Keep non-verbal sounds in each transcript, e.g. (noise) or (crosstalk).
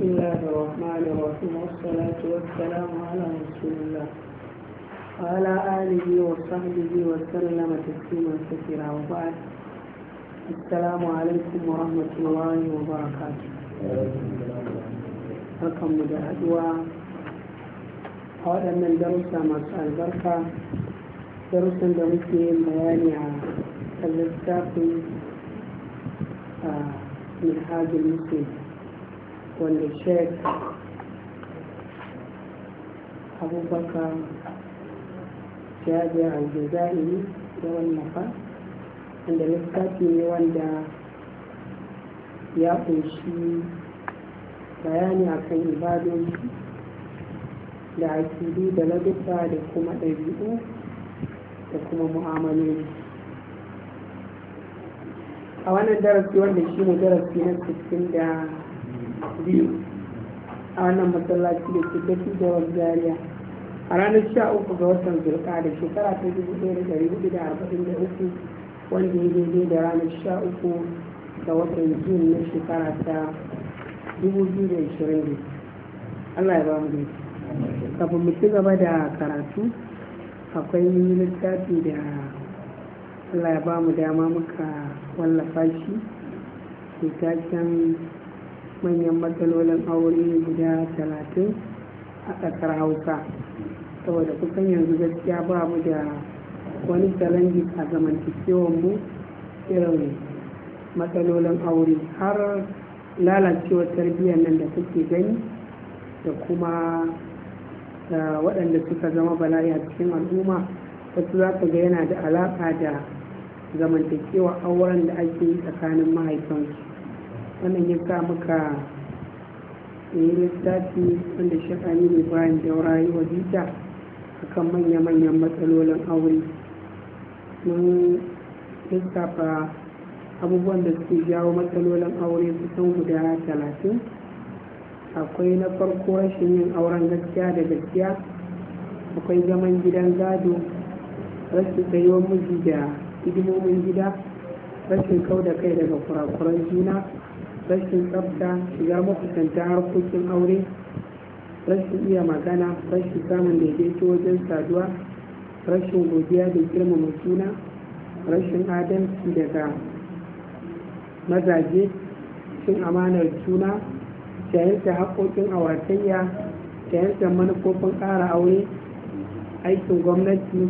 بسم الله الرحمن الرحيم والصلاة والسلام على رسول الله وعلى آله وصحبه وسلم تسليما كثيرا وبعد السلام عليكم ورحمة الله وبركاته رقم مدعوة أولا من درس مساء البركة درس درس بياني عن آه، من حاج المسلم wanda sheik abubakar jabir da ya wallafa wanda littafi ne wanda ya kunshi bayani akan ibadoji da bi da ladubba da kuma ɗabi'u da kuma mu'amaloli a wannan darasi wanda shi ne darasi na biyu a wannan masallaci da ke tafi da wazariya a ranar sha uku ga watan zulka da shekara ta dubu ɗaya da ɗari hudu da arba'in da uku wanda ya daidai da ranar sha uku ga watan jun na shekara ta dubu biyu da ishirin da allah ya ba mu dai kafin mu ci gaba da karatu akwai littafi da allah ya ba mu dama muka wallafa shi littafin manyan matsalolin aure guda talatin a ƙasar hausa saboda kusan yanzu gaskiya ba mu da wani challenge a zamantakewar mu irin matsalolin aure har lalacewar tarbiyyar nan da kuke gani da kuma waɗanda suka zama bala'i a cikin al'umma wasu za ka ga yana da alaƙa da zamantakewar auren da ake yi tsakanin mahaifansu wannan ya maka muka yi littafi wanda shekani ne bayan da yi wa a akan manya-manyan matsalolin aure mun lissafa abubuwan da suke jawo matsalolin aure kusan guda talatin akwai na farko rashin yin auren gaskiya da gaskiya akwai zaman gidan gado rashin tsayuwar miji da hidimomin gida rashin kau da kai daga kurakuran juna rashin tsafta shiga makusanta harkokin aure rashin iya magana rashin samun daidaito wajen saduwa rashin godiya da girmama juna rashin adalci daga mazaje cin amanar juna jayanta haƙoƙin awatayya jayanta manufofin ƙara aure aikin gwamnati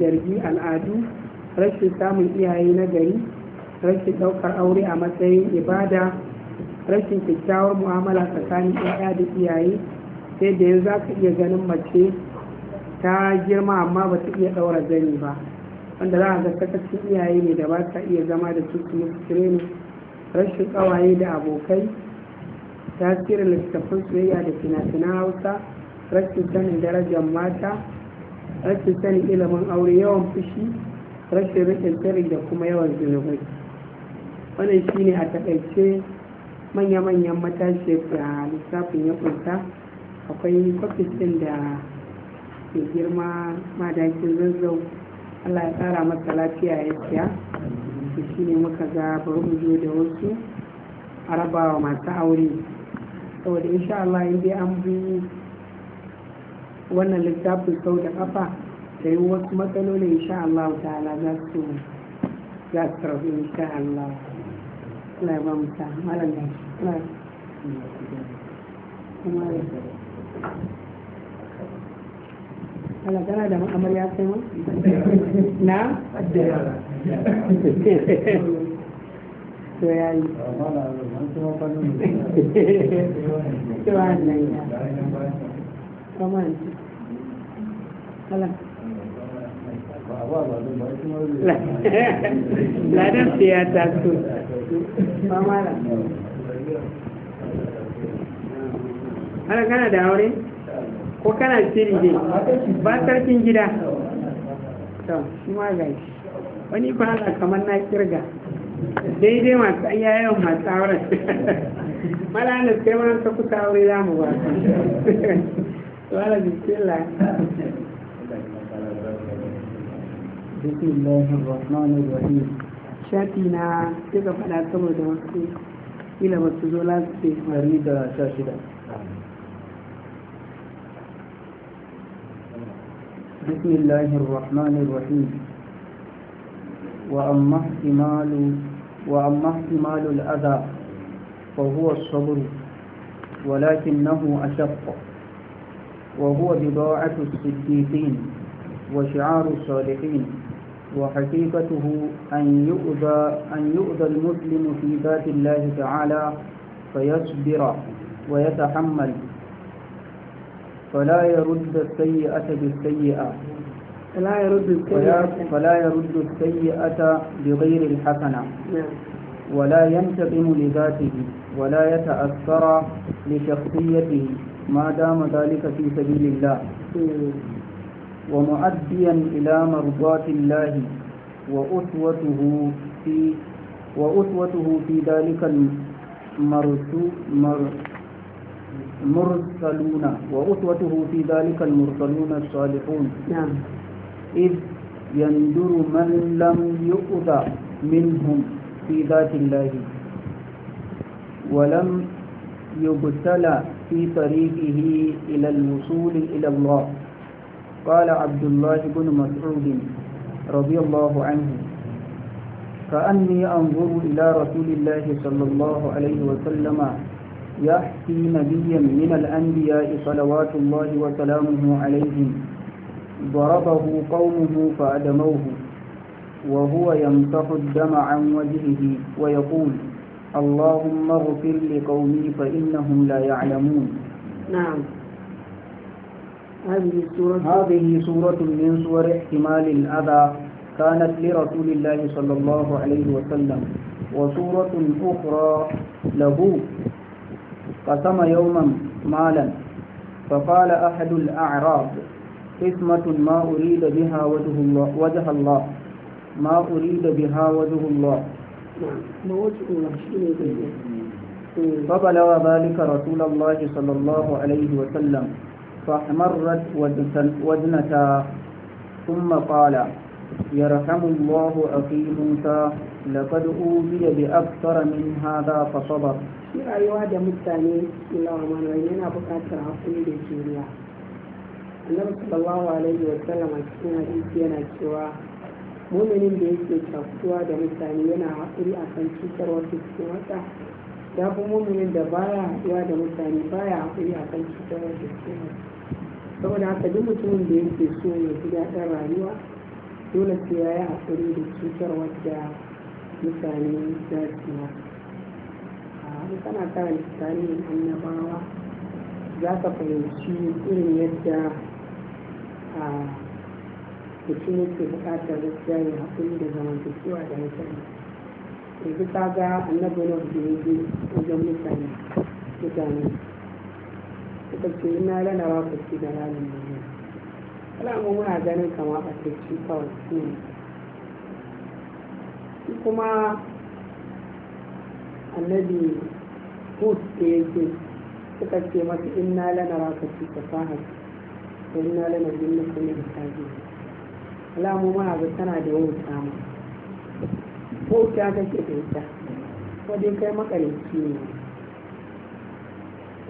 jargi al'adu rashin samun iyaye na gari rashin ɗaukar aure a matsayin ibada rashin kyakkyawar mu'amala tsakanin 'ya'ya da iyaye sai da yanzu za ka iya ganin mace ta girma amma ba ta iya ɗaura zani ba wanda za a ga kasashen iyaye ne da ba ta iya zama da su su ne rashin ƙawaye da abokai tasirin littattafan soyayya da fina-finan hausa rashin sanin darajar mata rashin sanin ilimin aure yawan fushi rashin rikin da kuma yawan zunubai wannan shi ne a takaice manya-manyan matashi da lissafin ya kunta akwai kwafis da ke girma madakin zazzau allah ya tsara masa lafiya ya siya su shi ne muka ga bari mu zo da wasu a wa masu aure saboda insha allah in dai an bi wannan littafin sau da kafa da yi wasu matsalolin insha allah ta'ala za su za su rabu insha allah Allah ya ba mu da Allah tana Na? To ya yi. ladan ya taso ana kana da aure ko kana shiri ne ba sarkin gida to shi ma ga shi wani ba za kamar na kirga daidai masu ayyayen masu auren mala na sai ma ta kusa aure za mu ba to ala bismillah بسم الله الرحمن الرحيم شاتينا na فلا faɗa saboda wasu ila ba su zo بسم الله الرحمن الرحيم وأما احتمال وأما احتمال الأذى فهو الصبر ولكنه أشق وهو بضاعة الصديقين وشعار الصالحين وحقيقته أن يؤذى, أن يؤذى المسلم في ذات الله تعالى فيصبر ويتحمل فلا يرد السيئة بالسيئة فلا يرد السيئة فلا يرد السيئة بغير الحسنة نعم. ولا ينتقم لذاته ولا يتأثر لشخصيته ما دام ذلك في سبيل الله نعم. ومؤديا إلى مرضاة الله وأسوته في وأسوته في ذلك المرسلون وأسوته في ذلك المرسلون الصالحون نعم إذ يندر من لم يؤذى منهم في ذات الله ولم يبتلى في طريقه إلى الوصول إلى الله قال عبد الله بن مسعود رضي الله عنه كأني أنظر إلى رسول الله صلى الله عليه وسلم يحكي نبيا من الأنبياء صلوات الله وسلامه عليهم ضربه قومه فأدموه وهو يمسح الدم عن وجهه ويقول اللهم اغفر لقومي فإنهم لا يعلمون نعم هذه سورة من سور احتمال الأذى كانت لرسول الله صلى الله عليه وسلم وسورة أخرى له قسم يوما مالا فقال أحد الأعراب قسمة ما أريد بها وجه الله, وجه الله ما أريد بها وجه الله فبلغ ذلك رسول الله صلى الله عليه وسلم فاحمرت وجنتا ثم قال يرحم الله أخي موسى لقد أوذي بأكثر من هذا فصبر shi rayuwa da mutane lawan yana buƙatar hakuri da juriya annabi sallallahu alaihi wa sallam a cikin hadisi yana cewa muminin da yake cakutuwa da mutane yana hakuri akan cutar wasu cikin wata ya muminin da baya haɗuwa da mutane baya hakuri akan cutar wasu cikin saboda haka duk mutumin da yake so ya fi daɗin rayuwa dole sai ya yi haƙuri da cutar wadda mutane za su yi in kana karanta tarihin annabawa za ka fahimci irin yadda mutum yake buƙatar gaskiya ya haƙuri da zamantakewa da mutane yanzu ka ga annabi na wajen mutane mutane suka ce ina lana rafaci da ranar ne alamu muna ganin kama a taici kawai su kuma annabi hud da yake suka ce masa inna lana rafaci da fahar da inna lana jinna kuma da kaji alamu muna ga tana da yawan kama ko ta kake da ita wadda kai makarici ne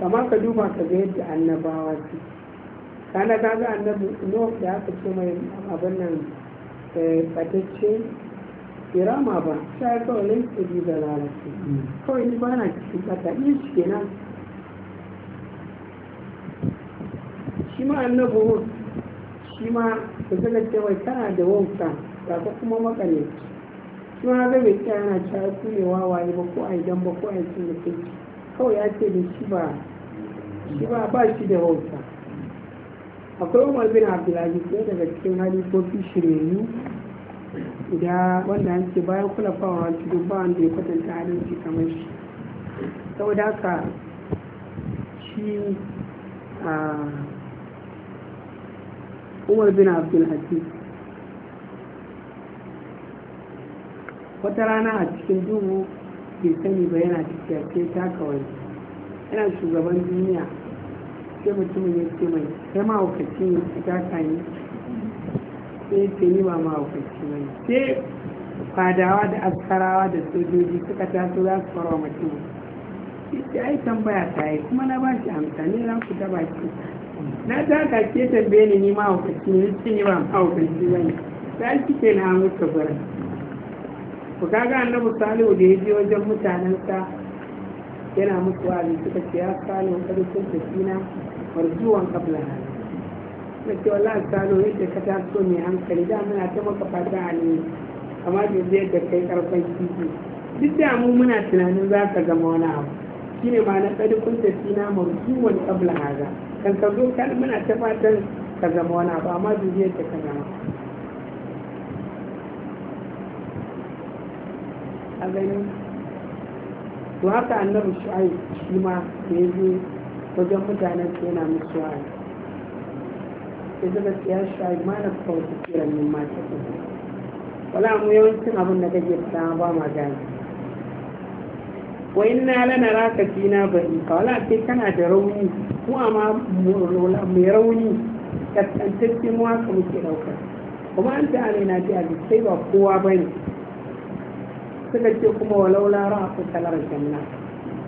kamar ka duba ka ga yadda annabawa ce. kana ka ga annabi no da aka ce mai abin nan fatacce eh, kirama ba ta yi kawai laifin bi da lalace hmm. kawai ni ba na cikin kasa iya shi kenan shi ma annabi hud shi ma ka zaga cewa tana da wauta ga kuma makale shi ma zai mai tsaya na cewa ku ba ko a idan ba ko a yi cin kai kawai ya ce da shi ba shi ba ba shi da hausa. akwai umar bin abdullahi ɗaya daga cikin halifofi shiryayyu da wanda an ce bayan kula kulafawa wasu duk ba wanda ya kwatanta halinci kamar shi saboda haka shi a umar bin abdullahi wata rana a cikin duhu ke sani ba yana tafiya ta kawai yana shugaban duniya sai mutumin ya ce mai kai mahaukaci ne ka taka ni sai ya ce ni ba mahaukaci ne sai fadawa da askarawa da sojoji suka taso za su farwa mutum ita ai tambaya ta yi kuma na ba shi amsa ne za ku ta shi. na taka ke tambaye ni ni mahaukaci ne ni ce ni ba mahaukaci ba ne ta shi na hannu kabarin ku kaga annabi salihu da ya wajen mutanensa yana musu wa'azi suka ce ya salihu kada sun tafina marjuwan kabla na ce wallahi salihu yadda ka taso mai hankali da muna ta maka fata a ne amma da zai da kai karfan kifi duk da mu muna tunanin za ka zama wani abu shine ma na kada kun tafina marjuwan kabla haza kan ka zo kan muna ta fatan ka zama wani abu amma da zai da ka zama a gani to haka annabi shu'ai shi ma da ya je wajen mutanen su yana musu wa'azi ya suka ce shu'ai ma na kawo su kiran min ma ta kuma wala mu yawancin abin da kake fita ba ma gani wa na lana raka fina bari ka wala ce kana da rauni mu amma mai rauni kaskantacce mu haka muke ɗauka. kuma an ta alaina ta sai ba kowa ba ne suka ce kuma walau lara a kusa lara janna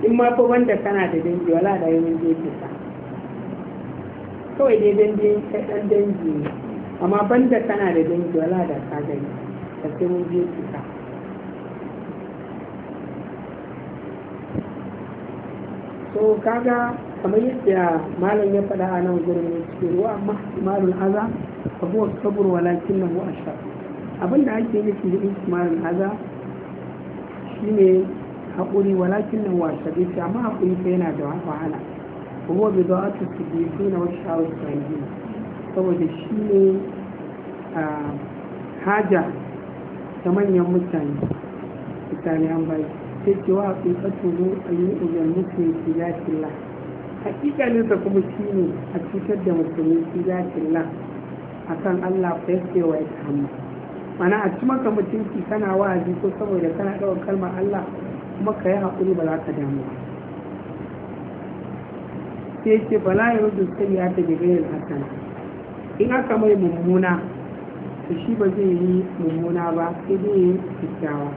in ma ko wanda kana da dangi wala da yawan jefe ka kawai dai dangi kai dan dangi ne amma banda kana da dangi wala da ka gani ka sai mun ki ka so kaga kamar yadda malam ya faɗa a nan gurin ne cikin ruwa amma ihtimalul aza fa huwa sabr walakinnahu ashar abinda ake nufi da ihtimalul haza shine haƙuri walakin nan wasa bai amma haƙuri sai yana da wahala kuma bai zo a tuki bai su na wasu shawar sanyi saboda shi ne haja ta manyan mutane mutane an bai sai wa haƙuri tsotsato zo a yi ujar musulmi fi zafilla hakikalinsa kuma shi ne a cutar da musulmi fi la akan allah fa yake wa ya kama mana a cikin maka mutunci kana wa'azi ko saboda kana ɗaukar kalmar Allah kuma ka yi haƙuri ba za ka damu ba sai ce bala ya rudu sai ya ta yin hasana in aka mai mummuna to shi ba zai yi mummuna ba sai zai yi kyakkyawa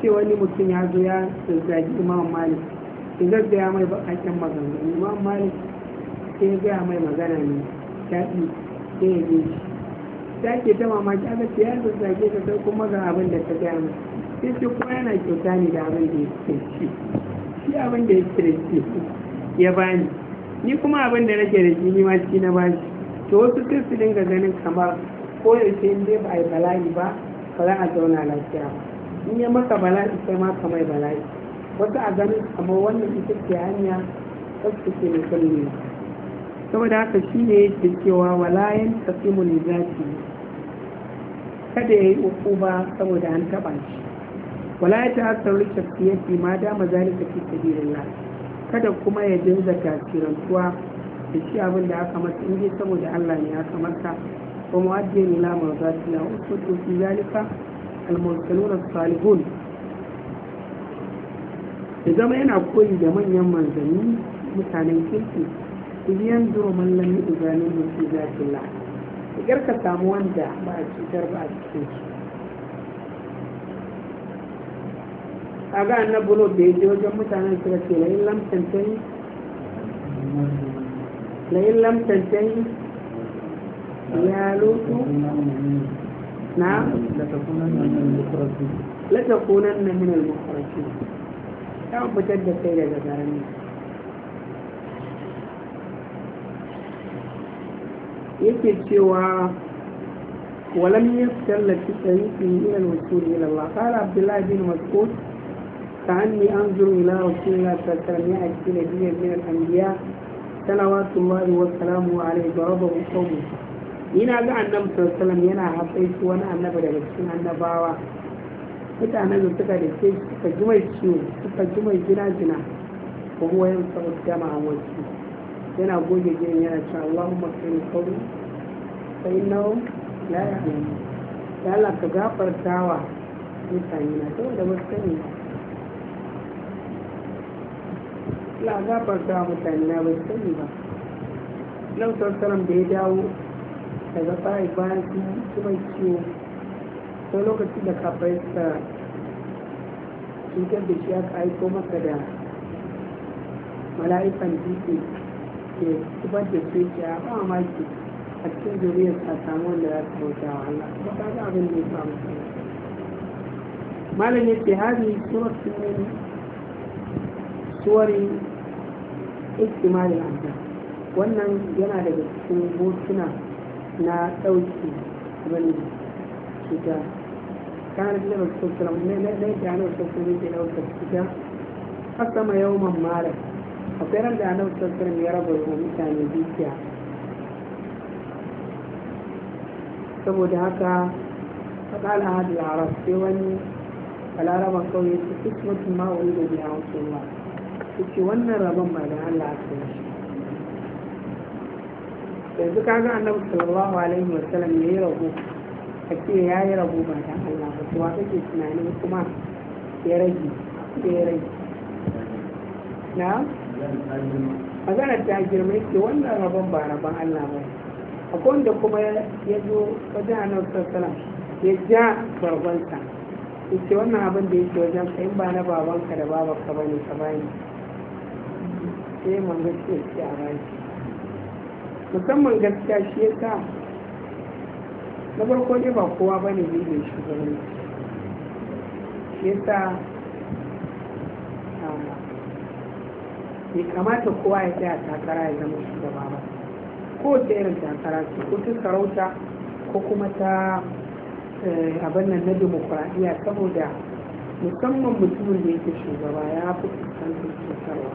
ce wani mutum ya zo ya zazzagi imam malik in gaggaya mai bakakken magana imam malik sai ya gaya mai magana ne shaɗi sai ya yi shi ta ke ta mamaki aka ce ya zazzage ta sai kuma ga abin da ta gaya mai sai ce kuma yana kyauta ne da abin da ya ce shi shi abin da ya ce shi ya bani ni kuma abin da nake da shi ni ma shi na bani. to wasu sai su dinga ganin kamar ko yaushe in dai ba a yi bala'i ba ba za a zauna lafiya ba in ya maka bala'i sai ma kamar bala'i wasu a ganin kamar wannan ita ce hanya wasu ke mutum ne saboda haka shi ne yake cewa walayen tafi mu ne zafi kada ya yi uku ba saboda an taɓa shi wala ya ta'assar rikar fi ma dama zalika fi sabilillah kada kuma ya dinga tasirantuwa da shi abin da aka masa in saboda Allah ne aka masa wa mu'addiyan ila marzatiya usbutu fi zalika al-mursalun as-salihun da zama yana koyi da manyan manzanni mutanen kirki idan yanzu man lam yu'zanu fi zatillah igar ka samu wanda ba a cutar ba a cikin su a ga annabi lot da ya je wajen mutanen suka ce layin lam tantani la'in lam tantani ya lutu na latakunan na minal mafarki ya fitar da kai daga garin yake cewa walam ya tsalla ci tsarifin ila wasuri ila Allah kala abdullahi bin mas'ud ta hanni an zuru ila rasulina ta tsarni a cikin nabiya bin al'ambiya salawatullahi wa salamu alaihi wa rabbahu qawmi ina ga annabi sallallahu alaihi wa yana hatsai su wani annabi daga cikin annabawa mutanen da suka da ke suka ji ciwo suka ji mai gina gina ko huwa yin sabu jama'a wasu yana goge gini yana cewa Allahumma kaini kauri fa innahu la ya'lamu ya Allah ka gafartawa mutane na saboda ba wasu sani ba gafartawa mutane na wasu sani ba Nan sassaran da ya dawo daga tsarin bayan su kuma ciwo Sau lokaci da kafai sa cutar da shi aka aiko maka da mala'ikan dutse ke kubar da a ba maki a cikin zuriyar ta samu wanda ya ta wa Allah ba ta ga abin da ya samu malam yace hadi suratu suwari anta wannan yana daga cikin hotuna na ɗauki wani cuta kanar da ba su na yadda ana sosai ne ke ɗaukar cuta har sama yawon malam akwai ran da annabi sallallahu ya raba wa mutane dukiya saboda haka فقال هذا العرب سواني mutum ma wani da biya بها ba Su ce wannan rabon ba, da Allah aka yi yanzu ka ga annabi sallallahu alaihi wa sallam ya yi rabo a ce ya yi rabo ba da Allah ba to wata ke tunanin kuma ya rage ya rage na maganar ta girma yake wannan rabon ba ban Allah ba akwai wanda kuma ya zo wajen annabi sallallahu ya ja barbanta yace wannan abin da yake wajen ka ba na babanka da babanka ba ne ka bani sai man gaskiya ce a bani musamman gaskiya shi ya sa na farko ne ba kowa ba ne zai shugabanci shi ya sa ah, bai kamata kowa ya tsaya takara ya zama shugaba ba ko ta irin takara ce ko ta sarauta ko kuma ta eh, abin nan na demokuraɗiyya saboda musamman mutumin da yake shugaba ya fi fuskantar cutarwa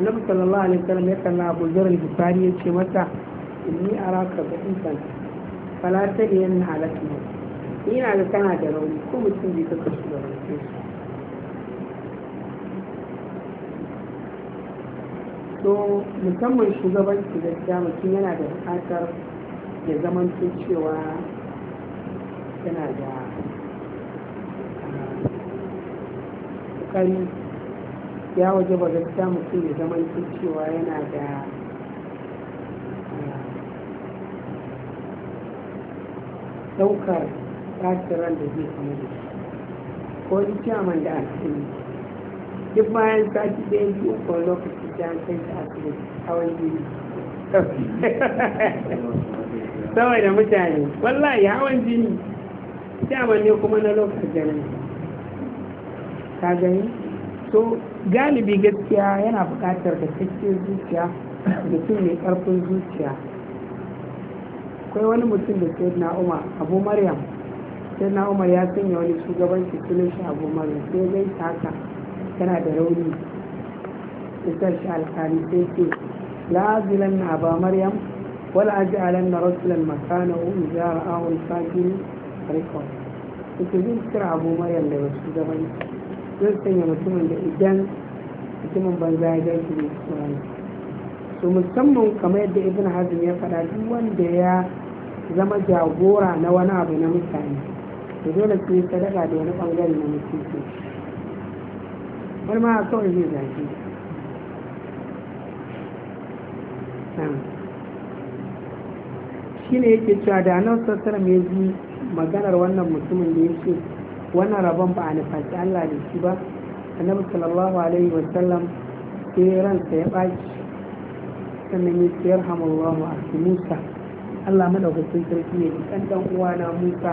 annabi sallallahu alaihi wasallam ya kalla abu zarar bukari ya ce mata inni araka da insan fala ta da yan halatta ina da kana da rauni ko mutum bai kaka shugabance shi so musamman shugabanci gaskiya mutum yana da bukatar ya zamanto cewa yana da kokari ah, ya waje ba gaskiya mutum ya zamanto cewa yana da daukar ah, tasirar da zai kama da shi ko ni ciyaman da a yi duk bayan sati ɗaya biyu ko lokaci an asibiti (laughs) mutane wallahi hawan jini daman ne kuma na lokacin jana'i ka gani so galibi gaskiya yana bukatar da cikin zuciya mutum mai karfin zuciya akwai wani mutum da sai na umar abu maryam sai na umar ya sanya wani shugabanci sunan shi abu maryam sai zai haka yana da rauni isar shi alkali sai ce la'azilan na ba maryam wal aj'alan na rasulun makana u zara ahul fajiri rikon ita zai cikin abu maryam da su zama zai sanya mutumin da idan mutumin banza ya gaishe da tsoron su musamman kamar yadda ibn hazm ya faɗa duk wanda ya zama jagora na wani abu na mutane da dole su yi sadaka da wani ɓangare na mutum. wani ma kawai zai zafi shi ne yake cewa da nan sallallahu mai ya maganar wannan mutumin da yake wannan rabon ba a nufaci Allah da shi ba annabi sallallahu alaihi wasallam ke ransa ya baki? sannan ya ce yarhamullahu su Musa Allah madaukakin sarki ne kan dan na Musa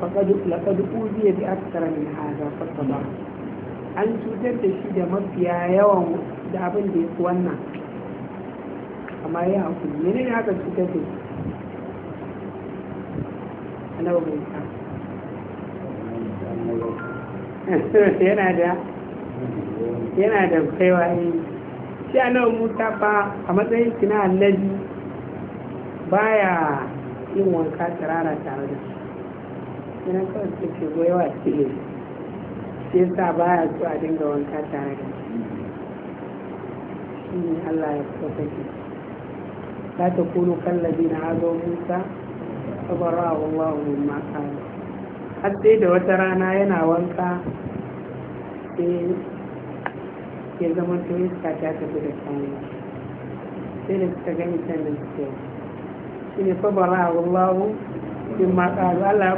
faqad laqad uziya bi mai min fasa ba. an cutar da shi da mafiya yawan da abin da ya fi wannan amma ya hankali ne ne haka cutar da annabi musa (laughs) yana da yana da kaiwa yi shi annabi muta ba a matsayin kina na baya yin wanka tsirara tare da shi yana kawai ke goyawa cikin shi yasa baya so a dinga wanka tare da shi shi ne allah ya kusa kake تكونوا كالذين عادوا موسى فبرأه الله مما قالوا حتى da wata rana yana wanka sai تويس كاتاتا to iska ta tafi da sai da suka gani can da suke shi ne kuma da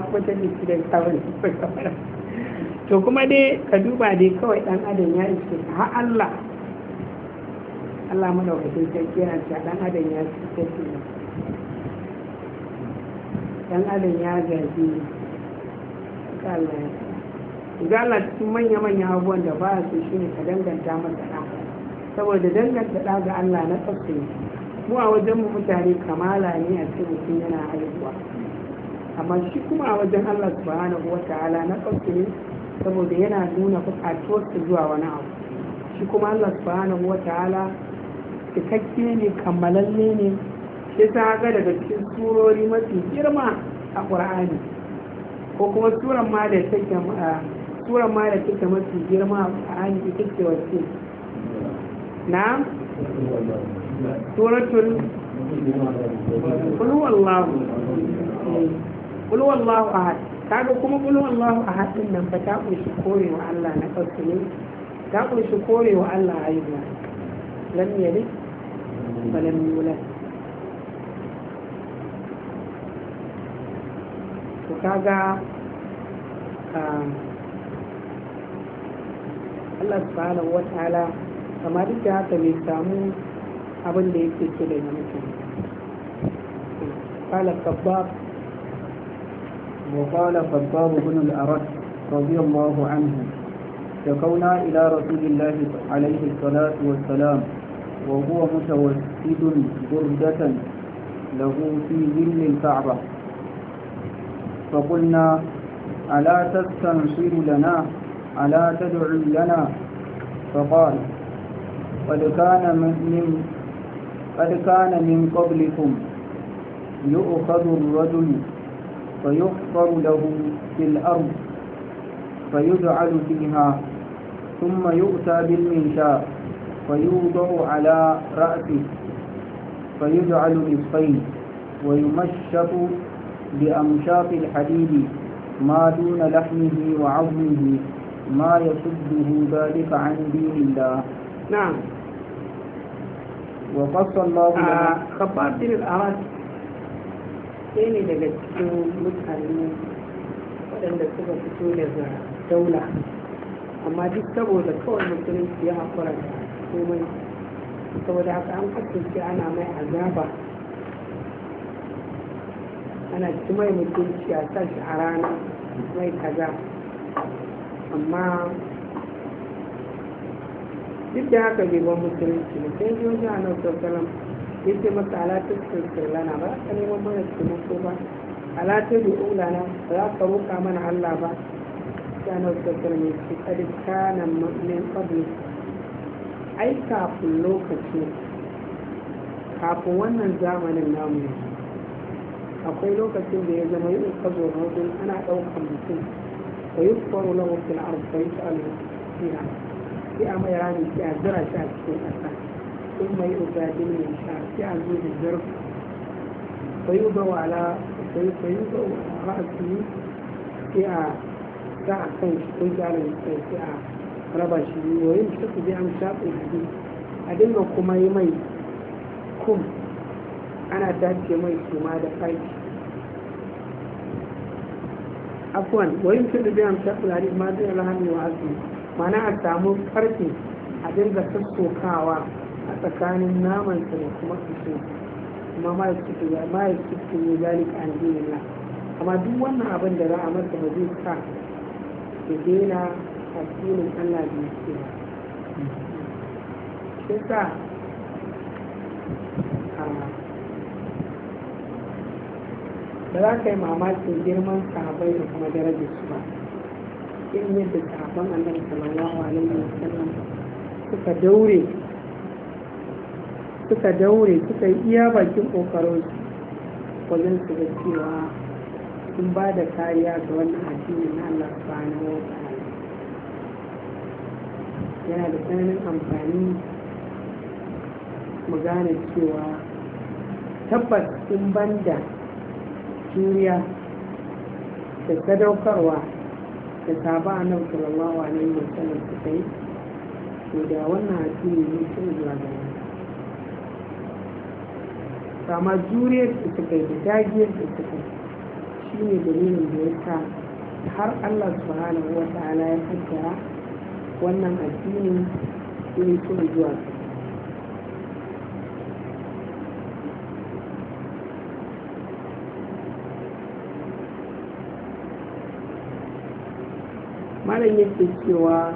to kuma dai ka duba dai kawai dan adam ya iske har Allah Allah madaukakin sarki yana cewa dan adam ya tafi dan adam ya gaji Allah ya ga Allah cikin manya manya abubuwan da ba su shi ne ka danganta masa da saboda danganta da ga Allah na tsaftace mu a wajen mu mutane kamala ne a cikin mutum yana haihuwa amma shi kuma a wajen Allah subhanahu wa ta'ala na tsaftace saboda yana nuna bukatuwarsa zuwa wani abu shi kuma Allah subhanahu wa ta'ala cikakke ne kammalalle ne shi ta ga daga cikin surori mafi girma a ƙur'ani ko kuma suran ma da take suran ma da take mafi girma a ƙur'ani ita ce wacce na suratul qul wallahu a wallahu ahad kaga kuma qul wallahu ahad din nan ba ta kunshi wa Allah na ƙarfi ne ta kunshi wa Allah a yi ba yalid فلم يولد وكذا آه الله سبحانه وتعالى كما ذكر تمي abin da yake ce da yanki kala kabbar wa kala kabbar ibn al-arad radiyallahu kauna ila rasulillahi alaihi salatu wassalam salam وهو متوسد بردة له في ظل الكعبة فقلنا ألا تستنصر لنا ألا تدعو لنا فقال قد كان من قد كان من قبلكم يؤخذ الرجل فيحفر له في الأرض فيجعل فيها ثم يؤتى بالمنشار فيوضع على رأسه فيجعل نصفين ويمشط بأمشاط الحديد ما دون لحمه وعظمه ما يصده ذلك عن دين الله نعم وقص الله آه، لنا خبار دين الأراض كيني لغتشو متحرمين ولن تبقى تولى دولة أما دي سبو ذكور مسلم فيها قرأة komai saboda haka an kasance ana mai azaba ana ci mai mutunci a sashi a rana mai kaza amma duk da haka bai ban musulunci da sai zuwa ji a nan sassalam ya ce masa alatar sassalana ba ka neman mana taimako ba alatar da ulana ba za ka roƙa mana allah ba ya nan sassalam ya ce ƙarfi kanan min ƙabli ai kafin lokaci kafin wannan zamanin namu akwai lokacin da ya zama yin kazo rodin ana ɗaukar mutum da yi kwaro na wakil arzikin shi alwakina sai a mai rami sai a zira shi a cikin ƙasa sun mai ubadin ne sha sai a zo da zirka fayu ga wala fayu ga ala sai a za a kan shi kun jalo sai a raba shi yoyin shi su je an shafe shi a dinga kuma yi mai kum ana dace mai kuma da faiki afwan wayin sun dubi an shafi da ma zai alhamdu wa asu. mana a samu karfi a dinga sassokawa a tsakanin naman da kuma kishin kuma ma ya cikin ya zalik ya cikin ya amma duk wannan abin da za a masa ba zai sa ya daina addinin Allah da yake ba shi sa Ba za ka yi mamakin girman sahabai da kuma darajar su ba yi yadda sahabban annabi sallallahu alaihi sallam suka daure suka daure suka yi iya bakin kokarin wajen su da cewa sun ba da kariya ga wannan addinin na Allah subhanahu wa ta'ala yana da tsananin amfani mu gane cewa tabbas in banda juriya da sadaukarwa da saba a nan sallallahu ne wa sallam su kai to da wannan addini ne sun zuwa da wani amma juriyar da suka yi da dagiyar da suka yi shi ne dalilin da ya sa har allah subhanahu wa ta'ala ya kaddara wannan addini irin su zuwa malam yake cewa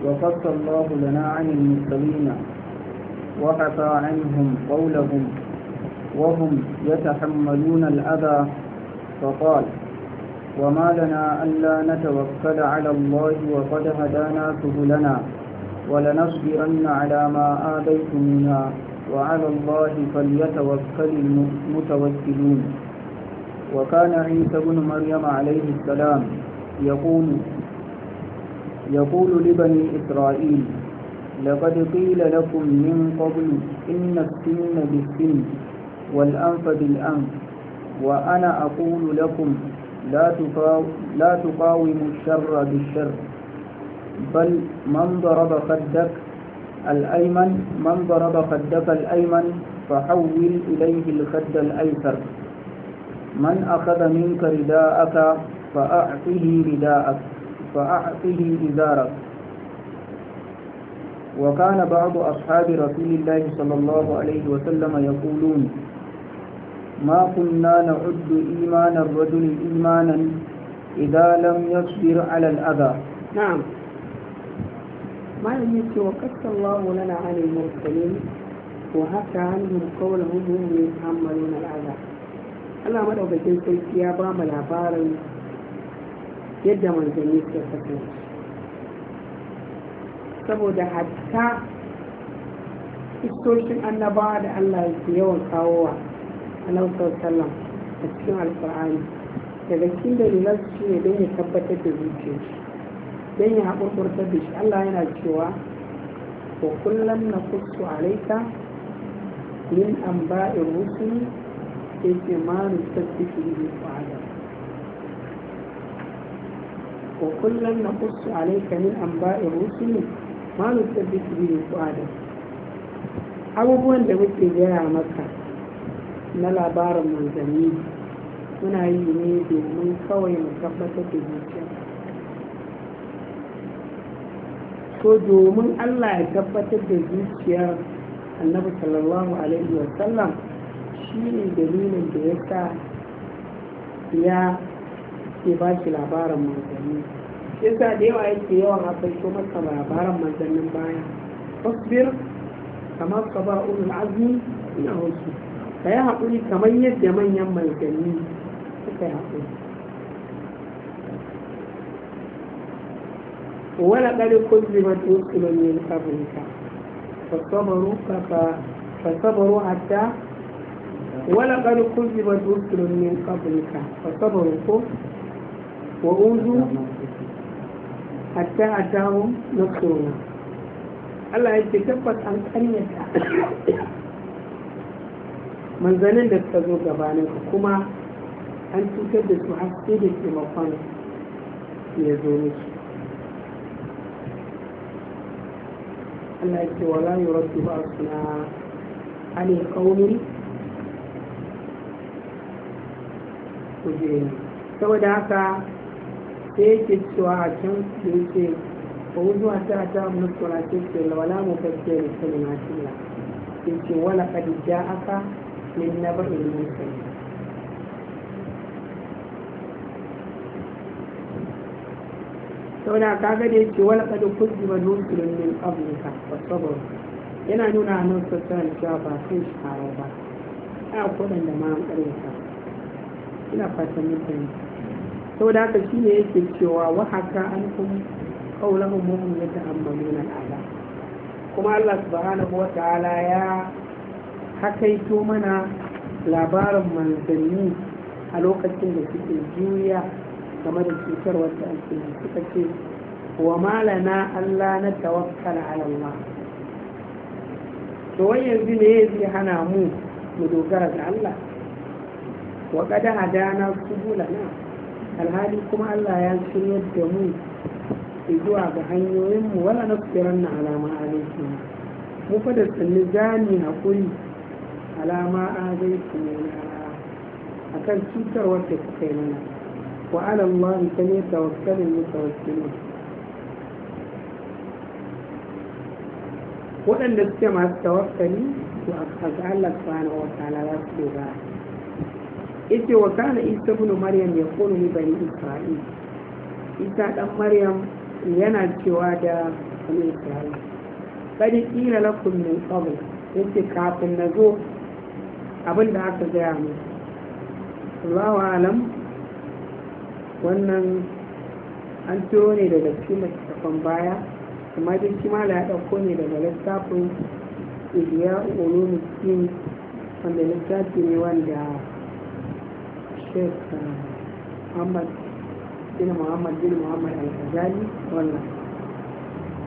وقص الله لنا عن المرسلين وقطع عنهم قولهم وهم يتحملون الأذى فقال وما لنا ألا نتوكل على الله وقد هدانا سبلنا ولنصبرن على ما آذيتمونا وعلى الله فليتوكل المتوكلون وكان عيسى بن مريم عليه السلام يقول يقول لبني إسرائيل لقد قيل لكم من قبل إن السن بالسن والأنف بالأنف وأنا أقول لكم لا لا تقاوم الشر بالشر بل من ضرب خدك الأيمن من ضرب خدك الأيمن فحول إليه الخد الأيسر من أخذ منك رداءك فأعطه رداءك فأعطه إزارك وكان بعض أصحاب رسول الله صلى الله عليه وسلم يقولون ما كنا نعد إيمان الرجل إيمانا إذا لم يصبر على الأذى نعم ما يجيك وقت الله لنا عن المرسلين وهكا عنهم قولهم هم يتحملون الأذى ألا مدعو بجل سيسيا بام العبارة يجمع الجنيس يتكلم سبو ده حتى السلطة أن بعد الله يتيون قوة annabi sallallahu a cikin alkur'ani daga cikin dalilan su ne don ya tabbatar da zuciya don ya haƙurƙurtar da shi Allah yana cewa ko kullum na kusu alaika min an ba'in rusuli sai ce ma nusabbitu bihi fa'ala وكلا نقص عليك من أنباء الرسل ما نثبت به فؤادك abubuwan da muke gaya maka na labarin manzanni muna yi ne domin kawai mu tabbatar da zuciya to domin allah ya tabbatar da zuciyar annabi sallallahu alaihi wasallam shi ne dalilin da ya sa ya ke ba shi labarin manzanni shi sa da yawa yake yawan afaiko masa labarin manzannin baya fasbir kamar ka ba ulul azmi ina wasu ka yi haƙuri kamar yadda manyan mai gani suka yi haƙuri wala ɗari kulli mai ta wasu lalmin kafirka fasabaru kafa fasabaru hatta wala ɗari kulli ba ta wasu lalmin kafirka fasabaru ko wa unzu hatta a tawo na Allah ya ce tabbas an kanyata manzanin da suka zo gabanin kuma an cutar da su har sai da taimakon ya zo miki. Allah ya ce wala yuraddu ba suna ani qaumin kujeru saboda haka sai yake cewa a can da yake ba wuzu a ta ta musu na ce wala mu fakke da kalmatin la yake wala kadija aka من نبأ المرسلين sauna kaga da ce wala kada kuzi ba nufin min qablika ba saboda yana nuna nan sassan cewa ba kai shi hawa ba a kodan da ma an karanta ina fatan mutane saboda haka shine yake cewa wa haka an kuma qaulahum mu'minatan amma nuna ala. kuma Allah subhanahu wa ta'ala ya hakaito mana labarin manzanni a lokacin da suke juriya game da cutar wata ake suka ce wa malana Allah na tawakkala ala Allah to wai yanzu ne zai hana mu mu dogara ga Allah wa kada hadana subulana alhali kuma Allah ya shiryar da mu zuwa ga hanyoyin mu wala nasiranna na alama alaikum mu fa da tsalli zani hakuri alama a zai a akan cutar wata kuka yi mana wa ala Allah ta ne tawakkalin mutawakkilin waɗanda suke masu tawakkali to a ga Allah subhanahu wa ta'ala za su ba yace wa kana Isa ibn Maryam ya kunu ni bani Isra'il Isa dan Maryam yana cewa da bani Isra'il bani qila lakum min qabl yace kafin na zo abin da aka gaya mu Allahu alam wannan an turo ne daga cikin littattafan baya kuma duk shi mala ya ɗauko ne daga littafin ibiya ulumuddin wanda littafi ne wanda shek uh, muhammad bin muhammad bin muhammad al-ghazali wannan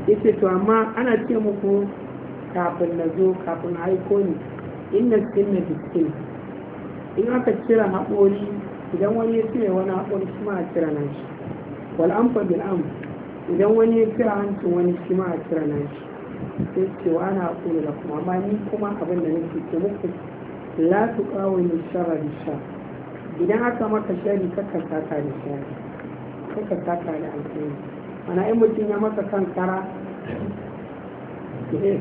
ita to amma ana ce muku kafin na zo kafin aiko ne inna sinna fiskin in aka cire haƙori idan wani ya cire wani haƙori shi ma a cire nashi wal amfa bil am idan wani ya cire hancin wani shi ma a cire nashi sai wa ana haƙori da kuma amma ni kuma abin da nake ce muku la tu qawi min sharri sha idan aka maka shari kaka saka da shari kaka saka da alheri ana in mutum ya maka kankara. Eh.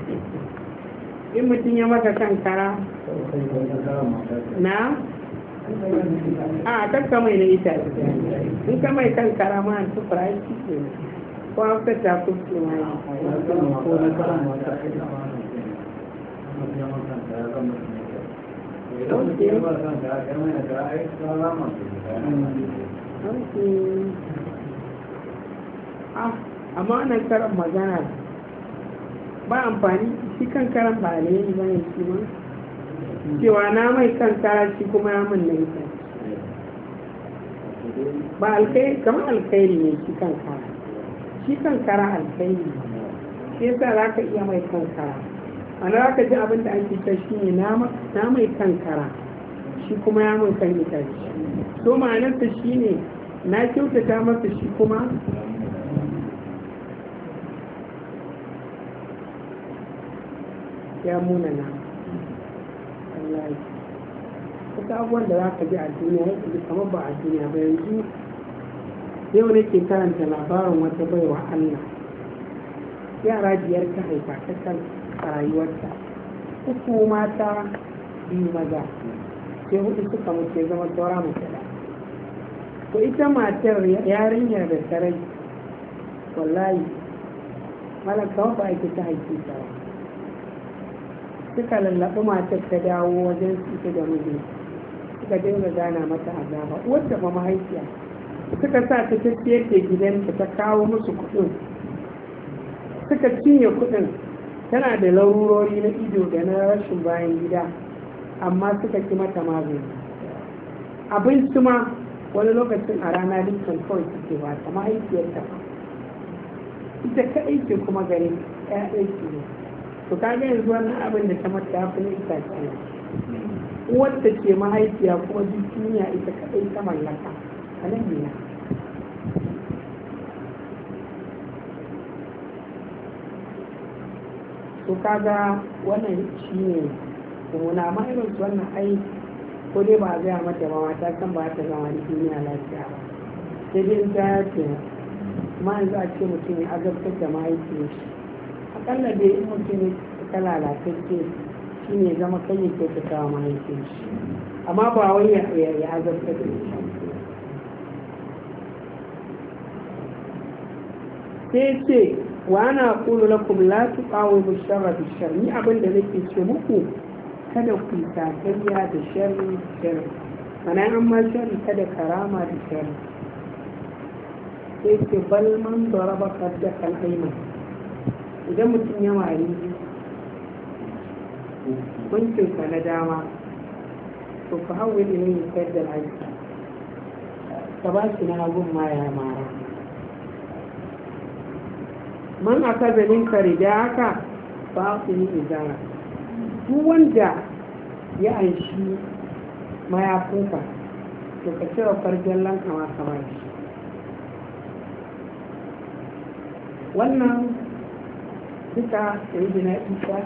in mutum ya maka kankara na a kakka mai na ita in ka mai kankara ma su tufura ya ci ke ko an fi ta kuskure ma yi ah, amma ana karan magana ba amfani shi kan karan ba alheri ba ne shi ma cewa na mai kan kara shi kuma ya min na ita ba alkai kamar alkhairi ne shi kan kara shi kan kara ne. shi yasa za ka iya mai kan kara ana za ka ji abin da ake ta shi ne na mai kan kara shi kuma ya min kan ita shi to ma'anarsa shi ne na kyautata masa shi kuma ya munana wallahi kuka abubuwan da za ka ji a duniya ya ji kamar ba a duniya ba yanzu yau ke karanta labarin wata baiwa Allah yara biyar ta haifa kasar a rayuwarta uku mata biyu maza sai hudu suka mutu ya zama saura mutu da Ko ita matar yarinyar da sarai wallahi malaka ba ake ta haifi ta ba suka lallaɓi matar ta dawo wajen su da miji suka dinga gana mata azaba wadda ba mahaifiya suka sa ta tafiye da gidanta ta kawo musu kuɗin suka cinye kuɗin tana da larurori na ido da na rashin bayan gida amma suka ki mata magani abinci ma wani lokacin a rana dukkan kawai suke ba ta mahaifiyarta ita kaɗai ce kuma ya 'ya'yanki ne to ga yanzu wannan abin da ta mata ya kuma ita ce wanda ke mahaifiya kuma duk duniya ita kaɗai ta mallaka a nan ne to ga wannan shi ne kuma na mahaifin su wannan ai ko dai ba a gaya mata ba ta kan ba ta zama da duniya lafiya ba sai dai ta ya ma yanzu a ce mutum ya azabtar da mahaifin shi akalla da in mutum ta lalatacce shi ne zama kai ya ta kawo mahaifin shi amma ba wai ya zarta da shi sai ce wa ana kulu lakum la tuqawu bi sharri bi sharri ni abin da nake ce muku kada ku takariya da sharri sharri mana an ma sharri kada karama da sharri sai ce bal man daraba qadda al-ayman idan mutum ya mari gunkinsa na dama to fa hawwe da yin da hajji ka ba shi na hagun ma ya mara man aka zanin kare da haka ba su yi izara duk wanda ya anshi mayafinka to ka cire farjan lanka ma ka ba shi wannan duka sayyidina isa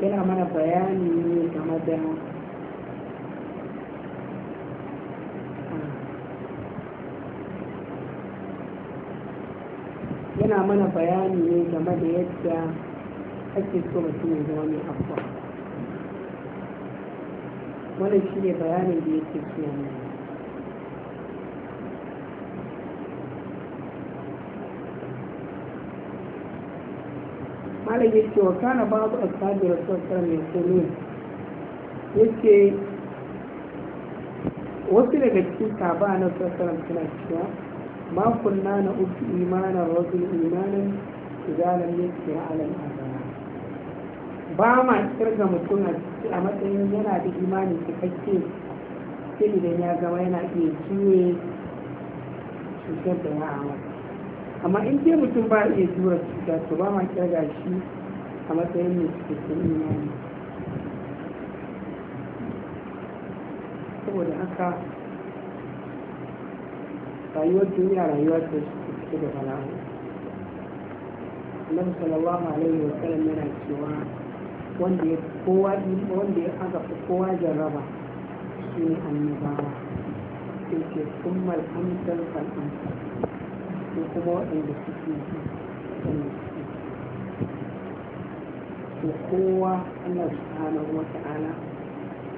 yana mana bayani ne game da ah, yana mana bayani ne game da yadda ake so mutum ya zama mai afuwa wannan shi ne bayanin da yake mai malam ya ce wa kana babu sabi rasul mai alaihi wasallam yake wasu daga cikin taba na sallallahu suna cewa makon na na uku imanin rajul imanin idan lam yakra ala al-adana ba ma kirga mutum a matsayin yana da imani cikakke sai idan ya zama yana iya kiwe cutar da ya amata amma in ce mutum ba iya jura cuta to ba ma kyaga shi a matsayin mai cikakken imani saboda haka rayuwar duniya rayuwar da suke da bala'u annabi sallallahu alaihi wa sallam yana cewa wanda ya kowa wanda ya aka fi kowa jarraba shi ne annabawa sai ce kuma amsal fal ko kuma waɗanda suke to kowa Allah subhanahu wa ta'ala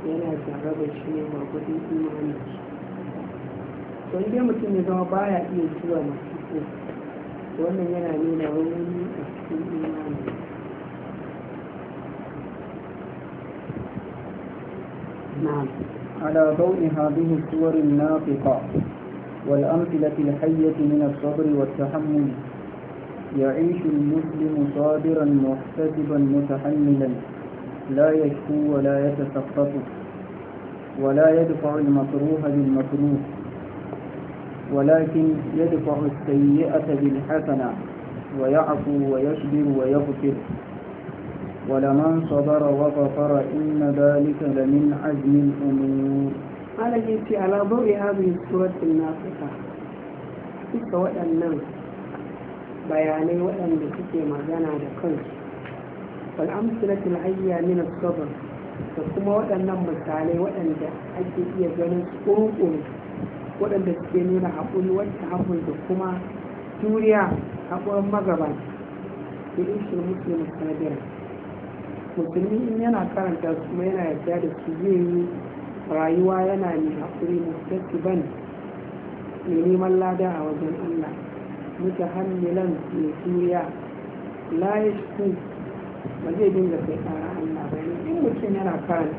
yana jarraba shi ne ba gudun imani don dai mutum ya zama baya iya zuwa masu wannan yana nuna wani a cikin imani نعم على ضوء هذه الصور الناطقة والأمثلة الحية من الصبر والتحمل يعيش المسلم صابرا محتسبا متحملا لا يشكو ولا يتسقط ولا يدفع المكروه بالمكروه ولكن يدفع السيئة بالحسنة ويعفو ويصبر ويغفر ولمن صبر وغفر إن ذلك لمن عزم الأمور malam ya ce alabar ya haɗu suratun nafuka suka waɗannan bayanai waɗanda suke magana da kansu wal amsalatul hayya min as-sabr da kuma waɗannan misalai waɗanda ake iya ganin ƙurƙuru waɗanda suke nuna haƙuri wacce haƙuri da kuma juriya haƙurin magaban da ishin musulmi sanadiyar musulmi in yana karanta su kuma yana yarda da su zai yi rayuwa yana mai haƙuri ban mai neman lada a wajen Allah mutahammilan mai juriya la yashku ba zai dinga kai ƙara Allah ba in mutum yana karin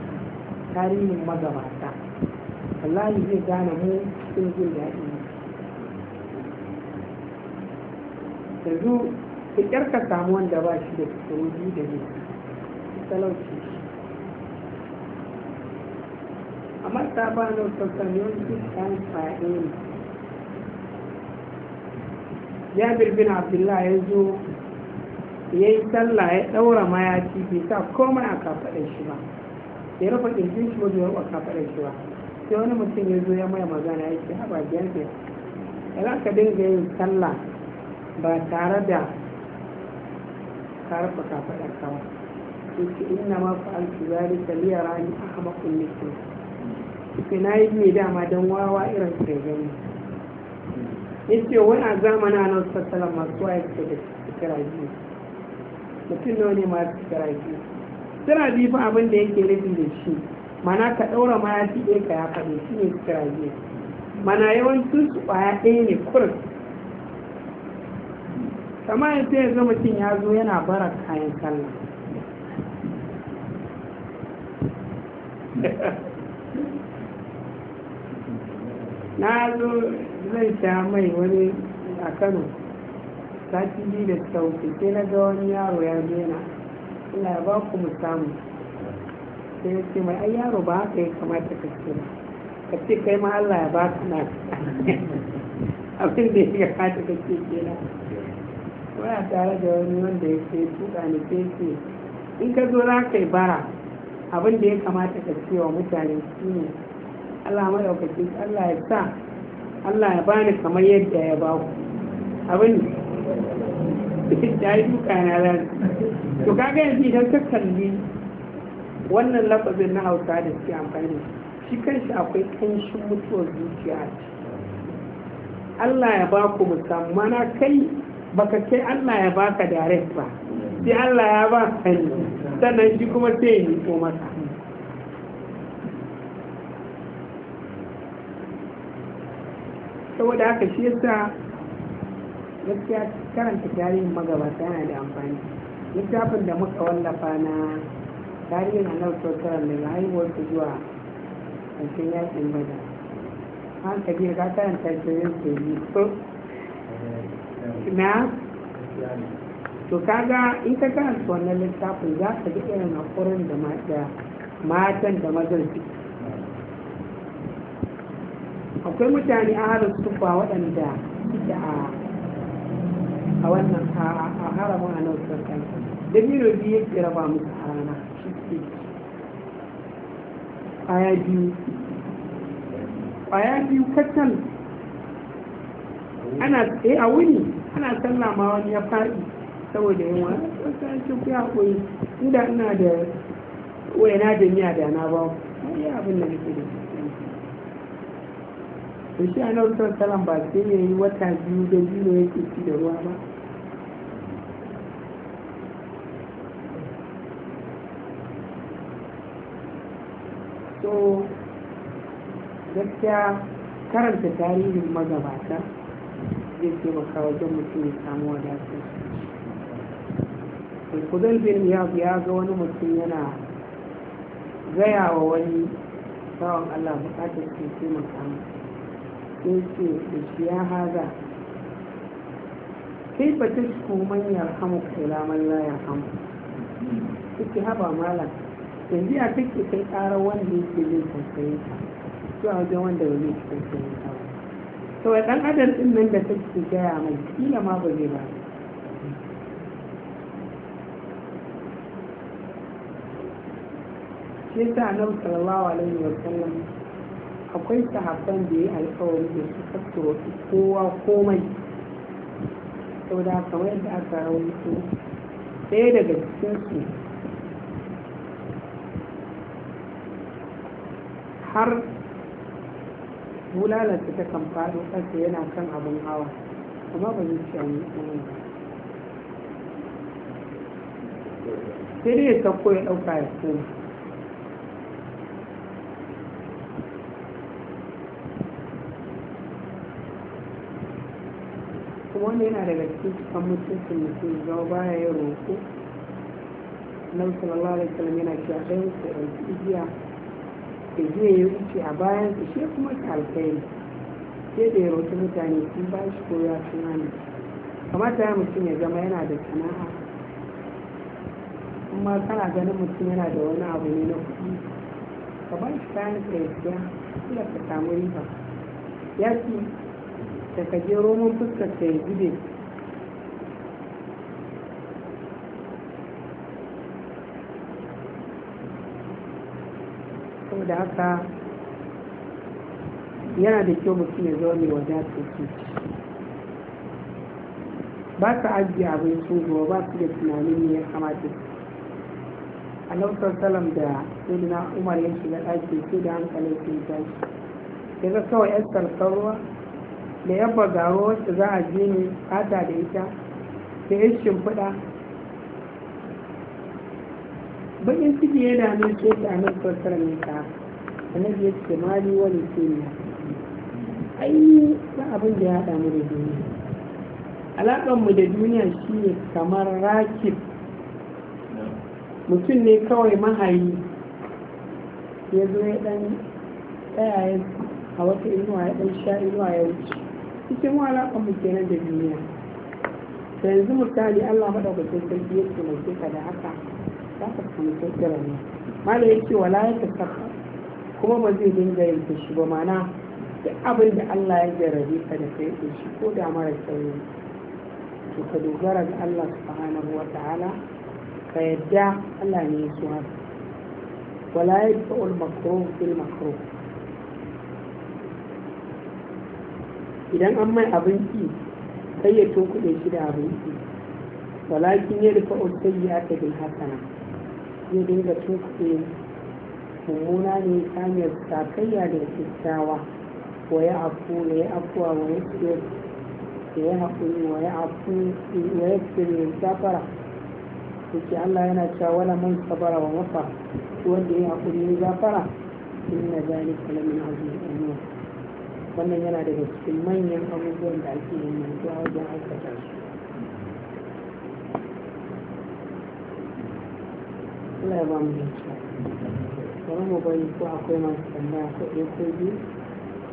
tarihin magabata Allahi zai gane mu cikin jin daɗi yanzu ka samu wanda ba shi da tsoro da ne talauci Amma sabanin sassaniyoyi ɗan fa'in Jabir birbin Abdullah ya zo ya yi tsalla ya ɗaura mayafi bai sa komai a kafaɗar shi ba ya rufe ƙirjin shi ba bai rufe kafaɗar shi ba sai wani mutum ya zo ya maya magana ya ce haɓa jabir ya za ka dinga yin tsalla ba tare da ka rufe kafaɗar ka ba ya ce ina ma ka liya rani a haɓa kullum ce na yi ne dama don wawa irin su gani ya ce wani a zamanin nan sassala masu waye su da kira biyu mutum nawa ne masu kira biyu kira abin da yake nufi da shi mana ka ɗaura mayafi ɗaya ka ya faɗi shi ne kira mana yawancin su ɓaya ɗaya ne kurin kama ya ce yanzu mutum ya zo yana bara kayan sallah (laughs) na zo zai sha mai wani a kano sati biyu da suka wuce sai na ga wani yaro ya daina Ina ya ba ku mu samu sai ya ce mai ai yaro ba haka ya kamata ka ce ba ka ce kai ma Allah ya ba ka na (laughs) abin da ya kamata ka ce Wani a tare da wani wanda ya ce tuka ni ke ce in ka zo za ka yi bara abin da ya kamata ka ce wa mutane shi ne Allah madaukakin Allah ya sa Allah ya bani kamar yadda ya ba ku abin da yi duka na to kaga yanzu idan ka kalli wannan lafazin na hausa da suke amfani shi kanshi akwai kanshin mutuwar zuciya Allah ya ba ku musammana kai baka kai Allah ya baka direct ba sai Allah ya ba sannan shi kuma sai ya nito maka saboda haka shi yasa gaskiya karanta tarihin magabata yana da amfani littafin da muka wallafa na tarihin annabi sallallahu daga haihuwarsa zuwa ƙarshen yakin bada an kabir ka karanta shirin soji so na to kaga in ka karanta wannan littafin za ka ga irin haƙurin da matan da mazan suke akwai mutane a harin sufa waɗanda suke a wannan a haramun a nausar kan da biro biyu yake raba musu a rana shi ke kwaya biyu kwaya biyu kacal ana tsaye eh, a wuni ana sallah ma wani ya faɗi saboda yin wani wasu ku ya koyi inda ina da wayana da miya da na ba wani abin da nake da shi to shi a nan sallan ba sai ya yi wata biyu da biyu ke ci da ruwa ba so gaskiya karanta tarihin magabata zai taimaka wajen mutum ya samu wadatar kudin bin ya ga wani mutum yana gaya wa wani sawan allah bukatar ke taimaka masa sai ce da shi ya haza kai ba ta shi man yarhamu kaila man la yarhamu kike haba malam yanzu ya kake kai ƙara wanda yake zai tausayin ka zuwa wajen wanda ba zai tausayin ka ba to ya ɗan adam ɗin nan da kake gaya mai kila ma ba zai ba shi yasa nan sallallahu alaihi wa sallam akwai sahabban da ya yi alkawari da su kasu wasu kowa komai sau da haka da aka su, ɗaya daga cikinsu har bulalarsa ta kan faɗo ƙasa yana kan abin hawa kuma ba zai ba. a sai dai ya ɗauka ya koma kuma wanda yana daga cikin cikin mutuncin mutum zama baya yi roƙo na sallallahu alaihi wasallam yana cewa ɗayan ku ɗauki igiya da zai yi wuce a bayan su shi kuma ta alkhairi ke da ya roƙi mutane sun ba shi ko ya kamar kamata ya mutum ya zama yana da sana'a kuma kana ganin mutum yana da wani abu ne na kuɗi ka ba shi kayan ka ya siya kila ka samu riba ya ce ta kaje romon fuskar ta ya zube da haka yana da kyau mutum ya zaune wadatar su ba su ajiye abin tsohuwa ba su da tunanin ne ya kamata a lausar salam da na umar ya shiga ɗaki sai da hankalin sun tashi daga kawai yan sarkar da yabba garo wasu za a je ne fata da ita da ya shimfiɗa bakin ciki ya dame ce ta nan sosar mai ta annabi ya ce mali wani ce ne ai ba abin da ya haɗa da duniya alaƙar mu da duniya shi ne kamar rakib mutum ne kawai mahayi ya zo ya ɗan tsaya a wata inuwa ya ɗan sha inuwa ya wuce cikin alaƙar mu kenan da duniya da yanzu misali Allah madaukakin sarki ya taimake ka da haka za ka samu kyakkyar ne mala ya ce wala ya tasaka kuma ba zai dinga yin shi ba mana duk abin da Allah ya jarrabe ka da kai ko da mara kyau to ka dogara ga Allah subhanahu wa ta'ala ka yadda Allah ne ya so wala ya ta'ul fil idan an mai abinci sai ya kuɗe shi da abinci walakin ya rufe ofisai ya ta bin hasana ya dinga kuɗe mummuna ne ta hanyar sakayya da kyakkyawa wa ya afu wa ya afu wa ya fiye wa ya haƙuri wa ya afu wa ya fiye gafara suke Allah yana cewa wala man sabara wa mafa wanda ya haƙuri ya gafara inna zalika lamin azim al-umur wannan yana daga cikin manyan abubuwan da ake yin mantuwa wajen aikata su Allah ya ba mu mu bari ko akwai masu tambaya ko ɗaya ko biyu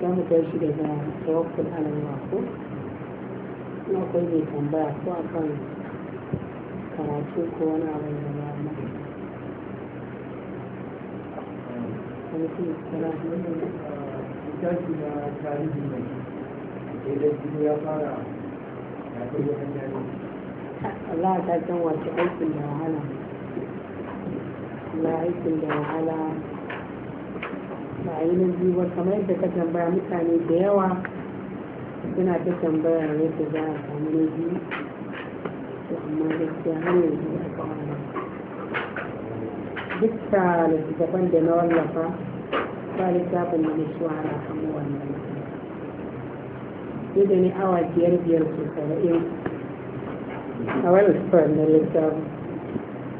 za mu daga tawakkul ko akwai mai tambaya ko akan karatu ko wani abu da ba mu littafi na tarihi mai idan kuma ya fara ya kai wani tarihi Allah ta san wace aikin da wahala Allah aikin da wahala ba a yi na biyu kamar yadda ka tambaya mutane da yawa suna ta tambaya yadda za a samu na biyu amma gaskiya har yanzu ba a duk da daban da na wallafa sa littafin da na shawara kan wannan sai da ni awa biyar biyar ke saba'in a wani sifar na littafin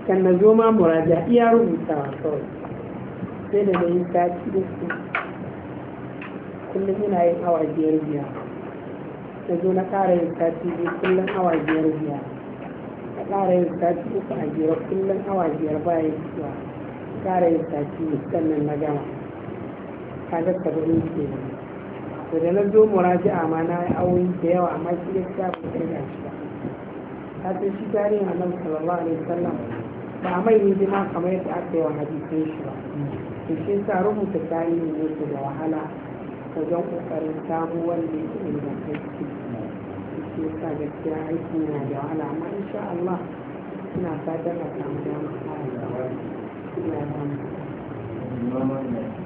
kan na zo ma muraja iya rubutawa kawai sai da na yi sati uku kullum ina yin awa biyar biyar na zo na ƙara yin sati biyu kullum awa biyar biyar na ƙara yin sati uku a biyar kullum awa biyar bayan zuwa ƙara yin sati sannan na gama kaga saba'in ke nan to da na zo muraji'a ma na yi awon da yawa amma shi ya ba ta riga shi ba ta san shi tarihin annabi sallallahu alaihi wasallam ba a mai ma kamar yadda aka yi wa hadisan shi ba to shi sa rubuta tarihi ne ke da wahala wajen kokarin samu wanda yake ingantacce shi sa gaskiya aiki na da wahala amma insha Allah ina fatan a samu dama a you.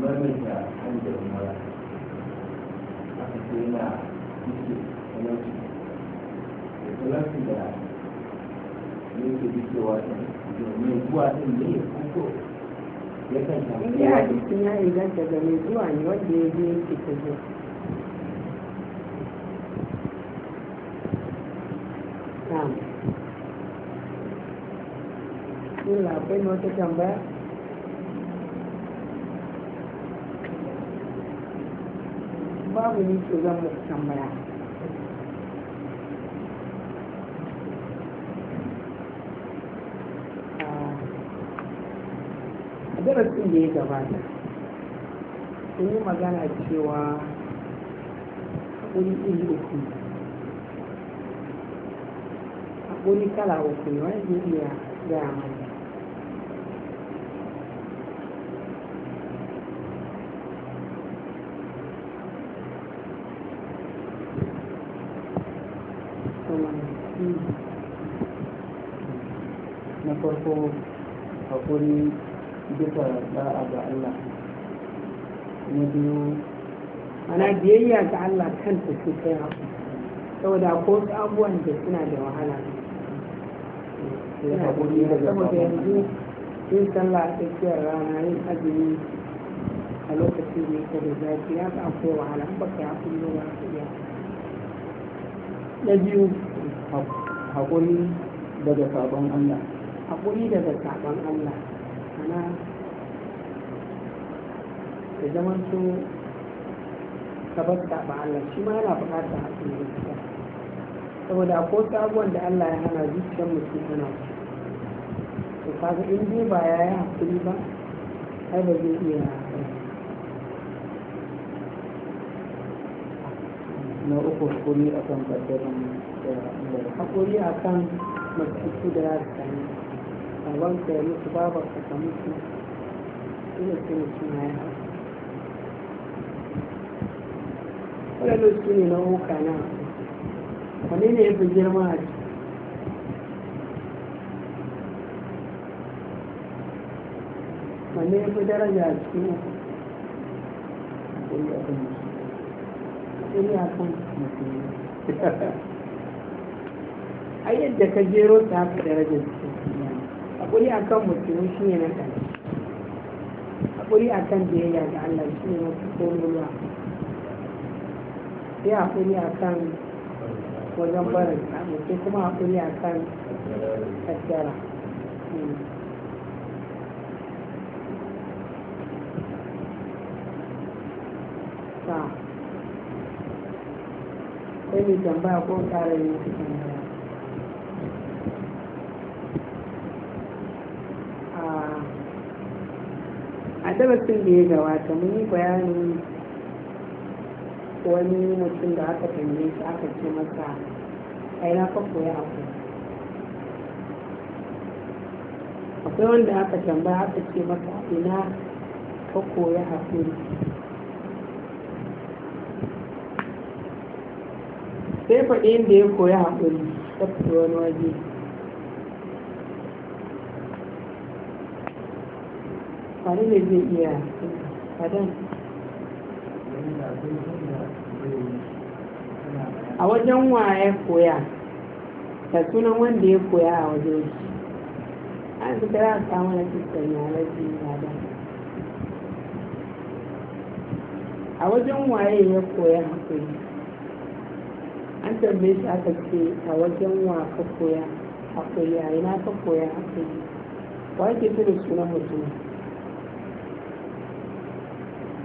maimaita hajji da umara aka ce yana duke talauci da talauci da yake dukewa ta domin zuwa ɗin ne ko yakan samu ya hadisin ya inganta da mai zuwa ne wanda ya je yake ta zo na'am Allah akwai wata tambaya babu ni ke zan muku tambaya ah, a darasin da ya gabata sun yi magana cewa haƙuri iri uku haƙuri kala uku wanda ya gaya mana wani bisa da'a ga Allah na biyu mana biyayya ga Allah kanta su kai saboda ko abubuwan da suna da wahala saboda yanzu yin sallah a tsakiyar rana yin azumi a lokaci da ta da zafi ya ga akwai wahala ba ka haƙuri ba ba ya na biyu hakuri daga sabon Allah hakuri daga sabon Allah ma'ana da zama to tabbata ba Allah shi ma yana bukata a cikin gaskiya saboda akwai wasu abubuwan da Allah ya hana zuciyar mutum tana su to kaga in dai ba ya yi hakuri ba ai ba zai iya na uku hakuri akan kaddarin da hakuri akan masu da ya sami wanka ya mutu babar ka ta mutu ina ce mutum ya yi haka waɗannan su ne nau'uka wane ne ya fi girma a ciki wane ya fi daraja a cikin uku ne a kan mutum a (laughs) yadda ka ta darajar hakuri a kan musulmi shi ne na ɗari hakuri a kan biyayya da Allah shi ne mafi komowa sai hakuri a kan wajen barin samu sai kuma hakuri a kan kaddara hmm. ta sai mai tambaya ko ƙara yin kusa a darasin da ya gabata mun yi bayanin wani mutum da aka tambaye shi aka ce masa ai na farko ya aku akwai wanda aka tambaya aka ce masa ina ka koya haƙuri sai faɗi inda ya koya haƙuri ta fito wani waje wani ne zai iya fadan a wajen wa ya koya da sunan wanda ya koya a waje shi an su tara a samu na fiskan yalaji yada a wajen waye ya koya hakuri an tambaye shi aka ce a wajen wa ka koya hakuri a ina ka koya hakuri wa ke tura sunan mutum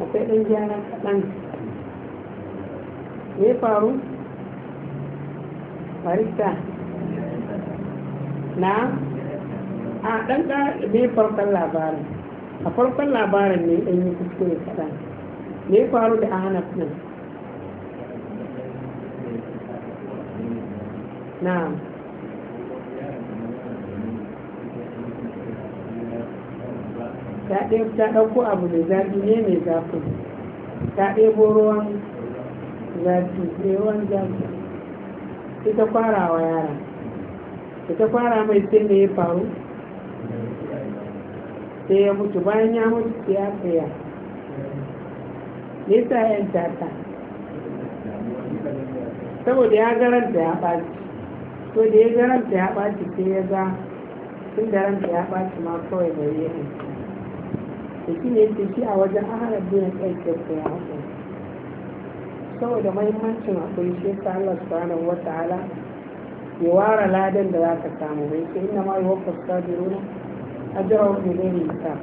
akwai ɗan gyara kaɗan me ya faru barista na a ɗan ɗan me farkon labarin a farkon labarin ne ɗan yi kuskure kaɗan me ya faru da ahanaf nan na ta ta ɗauko abu mai zafi ne mai zafi ta ɗebo ruwan zafi ruwan zafi ita kwarawa yara ita fara mai sai me ya faru sai ya mutu bayan ya mutu sai ya tsaya me yasa ya jata? saboda ya garanta ya ɓaci to da ya garanta ya ɓaci sai ya ga sun garanta ya ɓaci ma kawai bai yi aiki da shi ne yake shi a wajen ahalar biyan ke ya haƙuri saboda mahimmancin haƙuri shi ta Allah subhanahu wa ala ya ware ladan da za ka samu bai sai inna ma yuwaffa sabiruna ajiyar da zai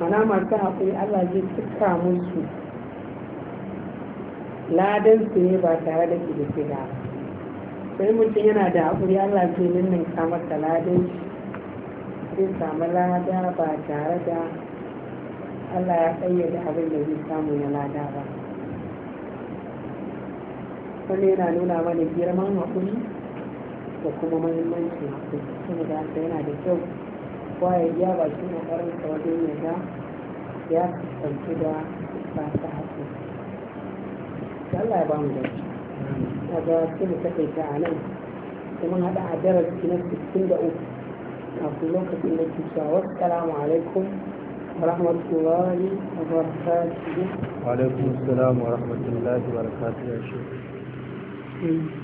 mana masu haƙuri allah zai cika musu ladan su ne ba tare da kididdiga sai mutum yana da haƙuri allah zai ninninka masa ladan shi zai samu lada ba tare da allah ya ƙayyade abin da zai samu na lada ba wani yana nuna mana girman haƙuri da kuma mahimmancin haƙuri saboda da yana da kyau kowa ya biya bakin kokarin sa wajen ya ga ya fuskanci da ba ta Allah ya ba mu dace ta ga sai takaita a nan kuma haɗa a darasi na 63 kafin lokacin da ke cewa wassalamu alaikum ورحمة الله وبركاته وعليكم السلام ورحمة wa وبركاته يا شيخ